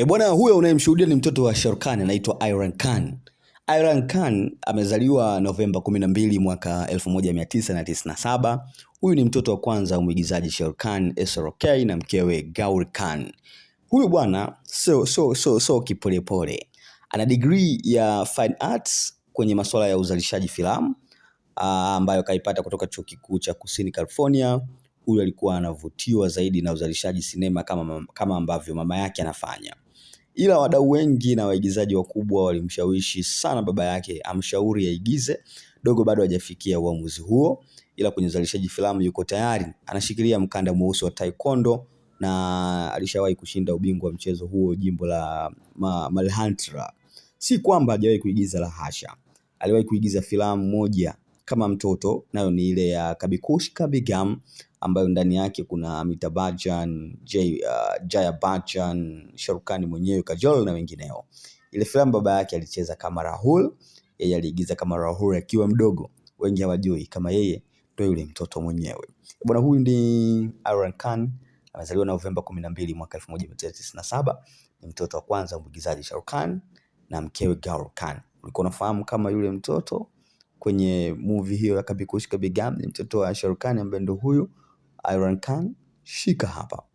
E bwana, huyo unayemshuhudia ni mtoto wa Sharkan anaitwa Iron Khan. Iron Khan amezaliwa Novemba 12 mwaka 1997. Huyu ni mtoto wa kwanza wa mwigizaji Sharkan SRK na mkewe Gauri Khan. Huyu bwana so, so, so, so kipolepole, ana degree ya fine arts kwenye masuala ya uzalishaji filamu ah, ambayo kaipata kutoka chuo kikuu cha Kusini California. Huyu alikuwa anavutiwa zaidi na uzalishaji sinema kama, kama ambavyo mama yake anafanya ila wadau wengi na waigizaji wakubwa walimshawishi sana baba yake amshauri aigize. Dogo bado hajafikia uamuzi huo, ila kwenye uzalishaji filamu yuko tayari. Anashikilia mkanda mweusi wa taekwondo na alishawahi kushinda ubingwa wa mchezo huo jimbo la ma, Malhantra. Si kwamba hajawahi kuigiza, la hasha, aliwahi kuigiza filamu moja kama mtoto, nayo ni ile ya Kabikush Kabigam ambayo ndani yake kuna mitabajan Bachchan, uh, Jaya Bachchan, Sharukani mwenyewe, Kajol na wengineo. Ile filamu baba yake alicheza kama Rahul, yeye aliigiza kama Rahul akiwa mdogo. Wengi hawajui kama yeye ndo yule mtoto mwenyewe. Bwana huyu ni aran kan amezaliwa Novemba kumi na mbili mwaka elfu moja mia tisa tisini na saba. Ni mtoto wa kwanza wa mwigizaji sharukan na mkewe garukan Ulikuwa unafahamu kama yule mtoto kwenye movie hiyo ya Kabikushi Kabigam ni mtoto wa sharukani ambaye ndo huyu Iron Khan, shika hapa.